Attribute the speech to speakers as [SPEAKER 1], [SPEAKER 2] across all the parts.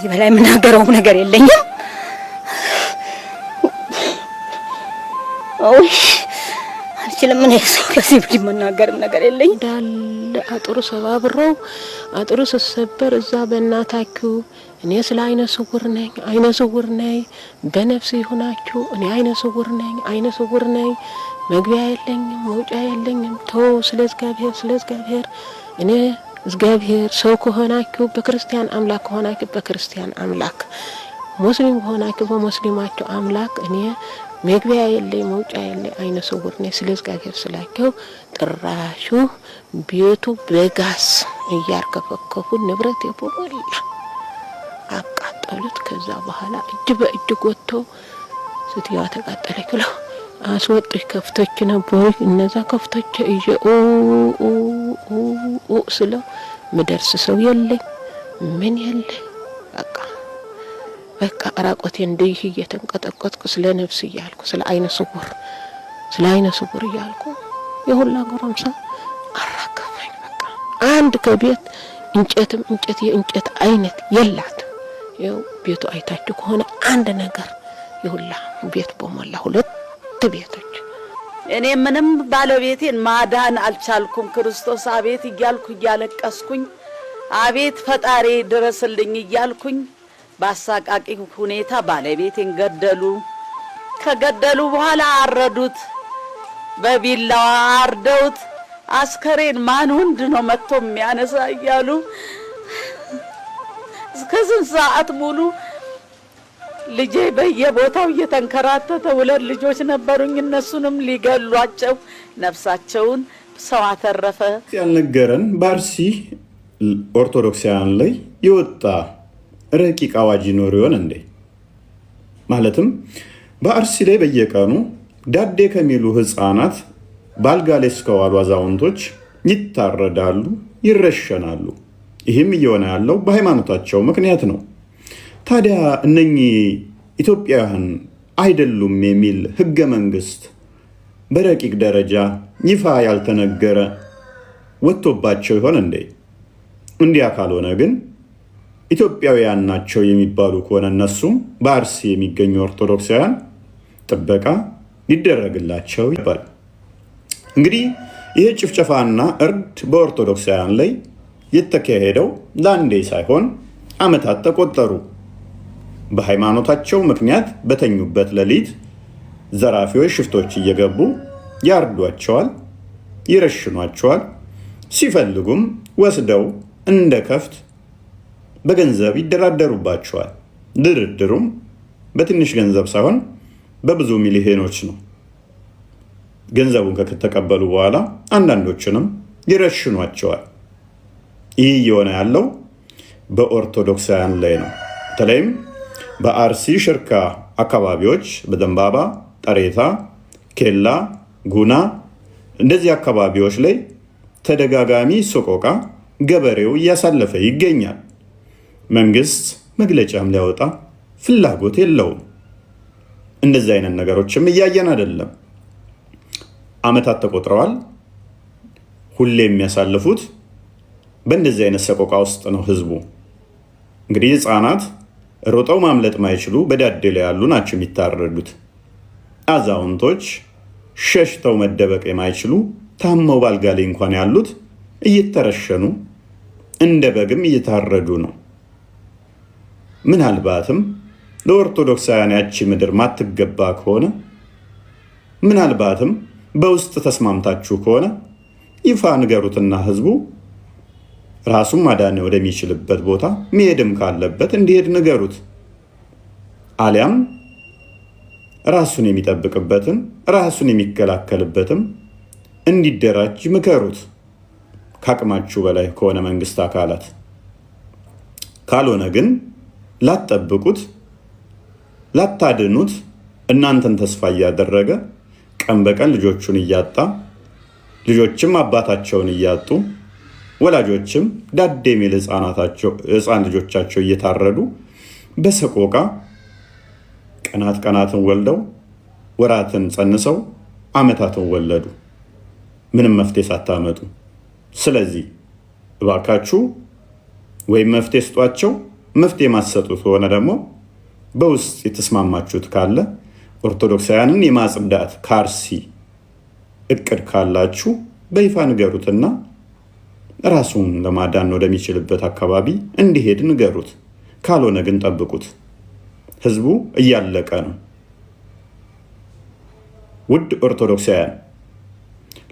[SPEAKER 1] ከዚህ በላይ የምናገረውም ነገር የለኝም። አልችልም። እኔ ከዚህ ብቻ የምናገርም ነገር የለኝ።
[SPEAKER 2] እንዳለ አጥሩ ሰባብረው አጥሩ ስሰበር እዛ በእናታችሁ እኔ ስለ አይነ ስውር ነኝ፣ አይነ ስውር ነኝ፣ በነፍስ ይሆናችሁ እኔ አይነ ስውር ነኝ፣ አይነ ስውር ነኝ፣ መግቢያ የለኝም፣ መውጫ የለኝም፣ ተው ስለ እግዚአብሔር፣ ስለ እግዚአብሔር እኔ እግዚአብሔር ሰው ከሆናችሁ በክርስቲያን አምላክ ከሆናችሁ በክርስቲያን አምላክ፣ ሙስሊም ከሆናችሁ በሙስሊማችሁ አምላክ። እኔ መግቢያ የለኝ መውጫ የለኝ አይነ ስውር ነኝ። ስለ እግዚአብሔር ስላቸው ጥራሹ ቤቱ በጋስ እያርከፈከፉ ንብረት የበሞላ አቃጠሉት። ከዛ በኋላ እጅ በእጅ ጎተው ስትያዋ ተቃጠለች ብለው አስወጡ ከፍቶች ነበሩ። እነዛ ከፍቶች እየ ስለው ምደርስ ሰው የለኝ ምን የለ በቃ በቃ ራቆቴ እንዲህ እየተንቀጠቀጥኩ ስለ ነፍስ እያልኩ ስለ አይነ ስውር ስለ አይነ ስውር እያልኩ የሁላ ጎረምሳ አራከፈኝ። በቃ አንድ ከቤት እንጨትም እንጨት የእንጨት አይነት የላትም። ይኸው ቤቱ አይታችሁ ከሆነ አንድ ነገር የሁላ ቤት በሞላ ሁለት ሁለት ቤቶች
[SPEAKER 3] እኔ ምንም ባለቤቴን ማዳን አልቻልኩም። ክርስቶስ አቤት እያልኩ እያለቀስኩኝ አቤት ፈጣሪ ድረስልኝ እያልኩኝ በአሳቃቂ ሁኔታ ባለቤቴን ገደሉ። ከገደሉ በኋላ አረዱት፣ በቢላዋ አርደውት አስከሬን ማን ወንድ ነው መጥቶ የሚያነሳ እያሉ እስከ ስንት ሰዓት ሙሉ ልጄ በየቦታው እየተንከራተተ ሁለት ልጆች ነበሩኝ። እነሱንም ሊገሏቸው ነፍሳቸውን ሰው አተረፈ።
[SPEAKER 4] ያልነገረን በአርሲ ኦርቶዶክሳውያን ላይ የወጣ ረቂቅ አዋጅ ይኖር ይሆን እንዴ? ማለትም በአርሲ ላይ በየቀኑ ዳዴ ከሚሉ ህፃናት በአልጋ ላይ እስከዋሉ አዛውንቶች ይታረዳሉ፣ ይረሸናሉ። ይህም እየሆነ ያለው በሃይማኖታቸው ምክንያት ነው። ታዲያ እነኚህ ኢትዮጵያውያን አይደሉም የሚል ህገ መንግስት በረቂቅ ደረጃ ይፋ ያልተነገረ ወጥቶባቸው ይሆን እንዴ? እንዲያ ካልሆነ ግን ኢትዮጵያውያን ናቸው የሚባሉ ከሆነ እነሱም በአርሲ የሚገኙ ኦርቶዶክሳውያን ጥበቃ ሊደረግላቸው ይባል። እንግዲህ ይህ ጭፍጨፋና እርድ በኦርቶዶክሳውያን ላይ የተካሄደው ለአንዴ ሳይሆን ዓመታት ተቆጠሩ። በሃይማኖታቸው ምክንያት በተኙበት ሌሊት ዘራፊዎች፣ ሽፍቶች እየገቡ ያርዷቸዋል፣ ይረሽኗቸዋል። ሲፈልጉም ወስደው እንደ ከፍት በገንዘብ ይደራደሩባቸዋል። ድርድሩም በትንሽ ገንዘብ ሳይሆን በብዙ ሚሊዮኖች ነው። ገንዘቡን ከተቀበሉ በኋላ አንዳንዶችንም ይረሽኗቸዋል። ይህ እየሆነ ያለው በኦርቶዶክሳውያን ላይ ነው። በተለይም በአርሲ ሽርካ አካባቢዎች በደንባባ፣ ጠሬታ፣ ኬላ፣ ጉና እንደዚህ አካባቢዎች ላይ ተደጋጋሚ ሰቆቃ ገበሬው እያሳለፈ ይገኛል። መንግስት መግለጫም ሊያወጣ ፍላጎት የለውም። እንደዚህ አይነት ነገሮችም እያየን አይደለም። አመታት ተቆጥረዋል። ሁሌ የሚያሳልፉት በእንደዚህ አይነት ሰቆቃ ውስጥ ነው ህዝቡ። እንግዲህ ህፃናት ሮጠው ማምለጥ ማይችሉ በዳደለ ያሉ ናቸው የሚታረዱት። አዛውንቶች ሸሽተው መደበቅ የማይችሉ ታመው ባልጋ ላይ እንኳን ያሉት እየተረሸኑ እንደ በግም እየታረዱ ነው። ምናልባትም ለኦርቶዶክሳውያን ያቺ ምድር ማትገባ ከሆነ ምናልባትም በውስጥ ተስማምታችሁ ከሆነ ይፋ ንገሩትና ህዝቡ ራሱም ማዳን ወደሚችልበት ቦታ መሄድም ካለበት እንዲሄድ ንገሩት። አሊያም ራሱን የሚጠብቅበትም ራሱን የሚከላከልበትም እንዲደራጅ ምከሩት። ከአቅማችሁ በላይ ከሆነ መንግስት አካላት ካልሆነ ግን ላትጠብቁት፣ ላታድኑት እናንተን ተስፋ እያደረገ ቀን በቀን ልጆቹን እያጣ ልጆችም አባታቸውን እያጡ ወላጆችም ዳዴሜል የሚል ልጆቻቸው እየታረዱ በሰቆቃ ቀናት ቀናትን ወልደው ወራትን ጸንሰው አመታትን ወለዱ፣ ምንም መፍትሄ ሳታመጡ። ስለዚህ እባካችሁ ወይም መፍትሄ ስጧቸው። መፍትሄ የማትሰጡት ከሆነ ደግሞ በውስጥ የተስማማችሁት ካለ ኦርቶዶክሳውያንን የማጽዳት ካርሲ እቅድ ካላችሁ በይፋ ንገሩትና ራሱን ለማዳን ወደሚችልበት አካባቢ እንዲሄድ ንገሩት። ካልሆነ ግን ጠብቁት። ህዝቡ እያለቀ ነው። ውድ ኦርቶዶክሳውያን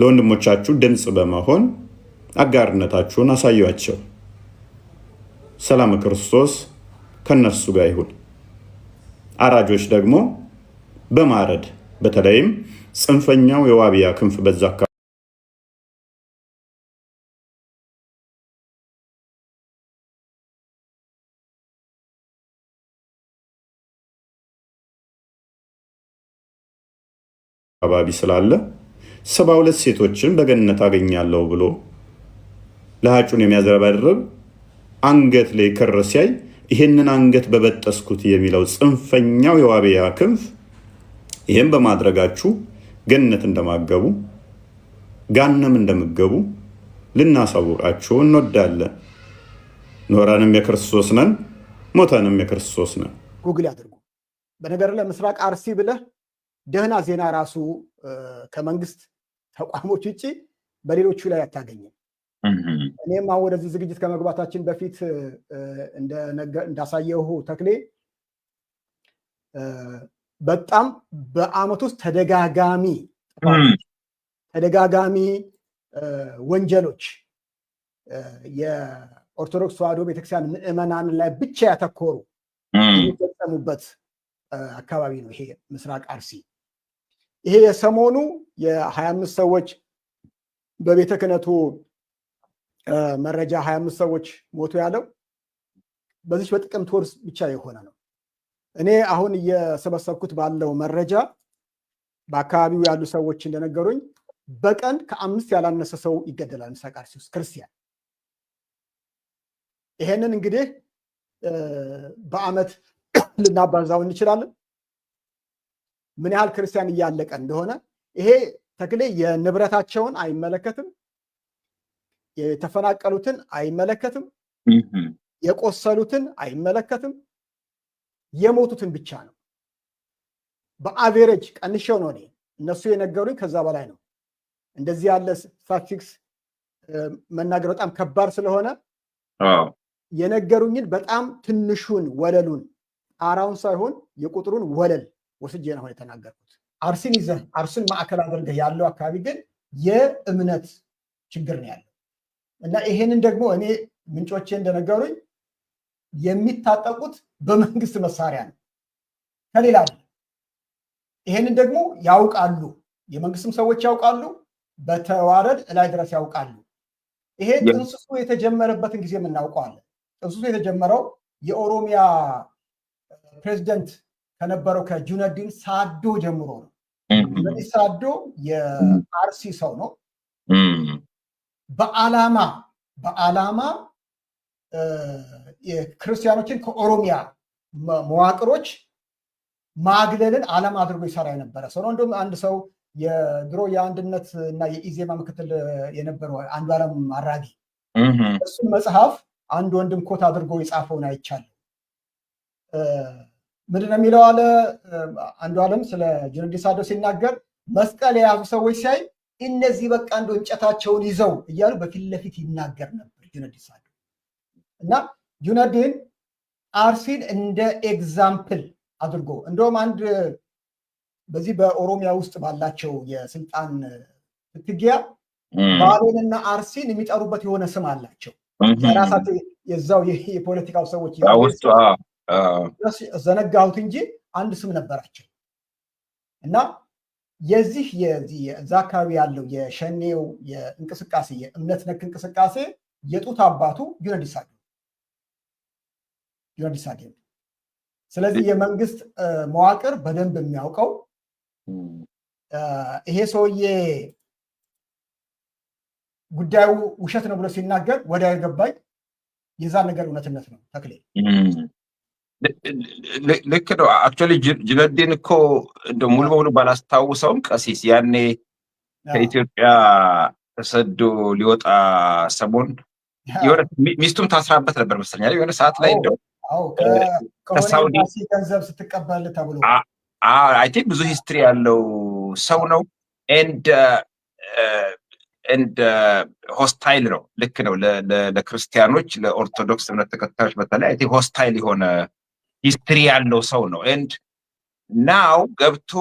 [SPEAKER 4] ለወንድሞቻችሁ ድምፅ በመሆን አጋርነታችሁን አሳያቸው። ሰላም ክርስቶስ ከነሱ ጋር ይሁን። አራጆች ደግሞ በማረድ በተለይም ጽንፈኛው የዋቢያ ክንፍ በዛ አካባቢ ስላለ ሰባ ሁለት ሴቶችን በገነት አገኛለሁ ብሎ ለሀጩን የሚያዝረበርብ አንገት ላይ ክር ሲያይ ይሄንን አንገት በበጠስኩት የሚለው ጽንፈኛው የዋቢያ ክንፍ ይህም በማድረጋችሁ ገነት እንደማገቡ ጋነም እንደምገቡ ልናሳውቃችሁ እንወዳለን። ኖረንም የክርስቶስ ነን፣ ሞተንም የክርስቶስ ነን።
[SPEAKER 5] ጉግል ያድርጉ። በነገር ለምስራቅ አርሲ ብለህ ደህና ዜና ራሱ ከመንግስት ተቋሞች ውጭ በሌሎቹ ላይ አታገኝም። እኔም አሁን ወደዚህ ዝግጅት ከመግባታችን በፊት እንዳሳየሁ ተክሌ በጣም በአመት ውስጥ ተደጋጋሚ ተደጋጋሚ ወንጀሎች የኦርቶዶክስ ተዋህዶ ቤተክርስቲያን ምዕመናን ላይ ብቻ ያተኮሩ የሚፈጸሙበት አካባቢ ነው ይሄ ምስራቅ አርሲ። ይሄ የሰሞኑ የ25 ሰዎች በቤተ ክህነቱ መረጃ 25 ሰዎች ሞቱ ያለው በዚች በጥቅምት ወር ብቻ የሆነ ነው። እኔ አሁን እየሰበሰብኩት ባለው መረጃ በአካባቢው ያሉ ሰዎች እንደነገሩኝ በቀን ከአምስት ያላነሰ ሰው ይገደላል ምስራቅ አርሲ ውስጥ ክርስቲያን። ይሄንን እንግዲህ በአመት ልናባዛው እንችላለን። ምን ያህል ክርስቲያን እያለቀ እንደሆነ ይሄ ተክሌ የንብረታቸውን አይመለከትም፣ የተፈናቀሉትን አይመለከትም፣ የቆሰሉትን አይመለከትም፣ የሞቱትን ብቻ ነው። በአቬሬጅ ቀንሸው ነው እኔ እነሱ የነገሩኝ ከዛ በላይ ነው። እንደዚህ ያለ ስታቲስቲክስ መናገር በጣም ከባድ ስለሆነ የነገሩኝን በጣም ትንሹን ወለሉን ጣራውን ሳይሆን የቁጥሩን ወለል ወስጄ ነው የተናገርኩት። አርሲን ይዘህ አርሲን ማዕከል አድርገህ ያለው አካባቢ ግን የእምነት ችግር ነው ያለው እና ይሄንን ደግሞ እኔ ምንጮቼ እንደነገሩኝ የሚታጠቁት በመንግስት መሳሪያ ነው ከሌላ ይሄንን ደግሞ ያውቃሉ። የመንግስትም ሰዎች ያውቃሉ። በተዋረድ እላይ ድረስ ያውቃሉ። ይሄ ጥንስሱ የተጀመረበትን ጊዜ የምናውቀዋለን። ጥንስሱ የተጀመረው የኦሮሚያ ፕሬዚደንት ከነበረው ከጁነዲን ሳዶ ጀምሮ ነው። ስለዚህ ሳዶ የአርሲ ሰው ነው። በአላማ በአላማ ክርስቲያኖችን ከኦሮሚያ መዋቅሮች ማግለልን አላማ አድርጎ ይሰራ የነበረ ሰው ነው። እንዲሁም አንድ ሰው የድሮ የአንድነት እና የኢዜማ ምክትል የነበረው አንዱዓለም አራጊ እሱን መጽሐፍ አንድ ወንድም ኮት አድርጎ የጻፈውን አይቻለሁ። ምንድን ነው የሚለው አለ አንዱ አለም ስለ ጅርዲ ሳዶ ሲናገር መስቀል የያዙ ሰዎች ሳይ እነዚህ በቃ እንደ እንጨታቸውን ይዘው እያሉ በፊት ለፊት ይናገር ነበር ጁነዲን እና ጁነዲን አርሲን እንደ ኤግዛምፕል አድርጎ እንደውም አንድ በዚህ በኦሮሚያ ውስጥ ባላቸው የስልጣን ፍትጊያ ባሌንና አርሲን የሚጠሩበት የሆነ ስም አላቸው ራሳቸው የዛው የፖለቲካው ሰዎች ዘነጋሁት እንጂ አንድ ስም ነበራቸው እና የዚህ የዛ አካባቢ ያለው የሸኔው የእንቅስቃሴ የእምነት ነክ እንቅስቃሴ የጡት አባቱ ዩነዲሳዴ ነው። ስለዚህ የመንግስት መዋቅር በደንብ የሚያውቀው ይሄ ሰውዬ ጉዳዩ ውሸት ነው ብሎ ሲናገር ወዲያው የገባኝ የዛ ነገር እውነትነት ነው ተክሌ
[SPEAKER 6] ልክ ነው። አክቹዋሊ ጅለዴን እኮ እንደ ሙሉ በሙሉ ባላስታውሰውም ቀሲስ ያኔ ከኢትዮጵያ ተሰዶ ሊወጣ ሰሞን የሆነ ሚስቱም ታስራበት ነበር መሰለኝ የሆነ ሰዓት ላይ እንደው
[SPEAKER 5] ከሳውዲ ገንዘብ ስትቀበል ተብሎ
[SPEAKER 6] አይ ቲንክ ብዙ ሂስትሪ ያለው ሰው ነው። ኤንድ ሆስታይል ነው። ልክ ነው። ለክርስቲያኖች፣ ለኦርቶዶክስ እምነት ተከታዮች በተለይ አይ ቲንክ ሆስታይል የሆነ ሂስትሪ ያለው ሰው ነው። ኤንድ ናው ገብቶ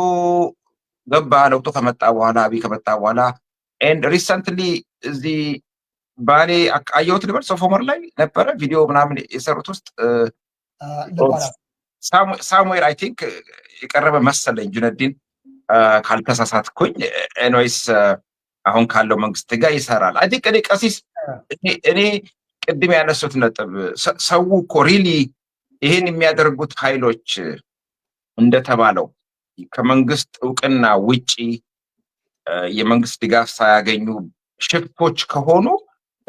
[SPEAKER 6] ገባ ለውጦ ከመጣ በኋላ አብይ ከመጣ በኋላ ኤንድ ሪሰንትሊ እዚህ ባሌ አየሁት ልበል ሶፎሞር ላይ ነበረ ቪዲዮ ምናምን የሰሩት ውስጥ ሳሙኤል አይ ቲንክ የቀረበ መሰለኝ ጁነዲን ካልተሳሳትኩኝ። ኤንዌይስ አሁን ካለው መንግስት ጋር ይሰራል። አይ ቲንክ እኔ ቀሲስ እኔ ቅድም ያነሱት ነጥብ ሰው እኮ ሪሊ ይህን የሚያደርጉት ኃይሎች እንደተባለው ከመንግስት እውቅና ውጪ የመንግስት ድጋፍ ሳያገኙ ሽፍቶች ከሆኑ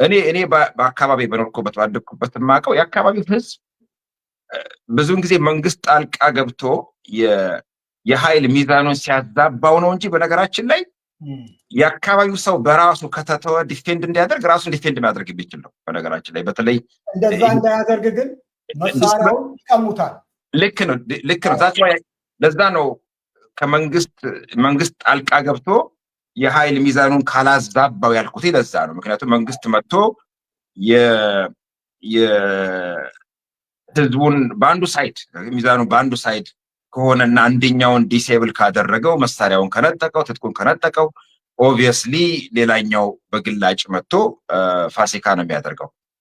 [SPEAKER 6] እኔ እኔ በአካባቢ በኖርኩበት ባደግኩበት የማውቀው የአካባቢው ህዝብ ብዙውን ጊዜ መንግስት ጣልቃ ገብቶ የኃይል ሚዛኑን ሲያዛባው ነው እንጂ በነገራችን ላይ የአካባቢው ሰው በራሱ ከተተወ ዲፌንድ እንዲያደርግ ራሱን ዲፌንድ ማድረግ የሚችል ነው። በነገራችን ላይ በተለይ
[SPEAKER 5] እንደዛ እንዳያደርግ ግን ልክ ነው፣
[SPEAKER 6] ልክ ነው። ለዛ ነው ከመንግስት መንግስት ጣልቃ ገብቶ የኃይል ሚዛኑን ካላዛባው ያልኩት ለዛ ነው። ምክንያቱም መንግስት መጥቶ የህዝቡን በአንዱ ሳይድ ሚዛኑ በአንዱ ሳይድ ከሆነና አንደኛውን ዲሴብል ካደረገው መሳሪያውን ከነጠቀው ትጥቁን ከነጠቀው ኦብቪየስሊ ሌላኛው በግላጭ መጥቶ ፋሲካ ነው የሚያደርገው።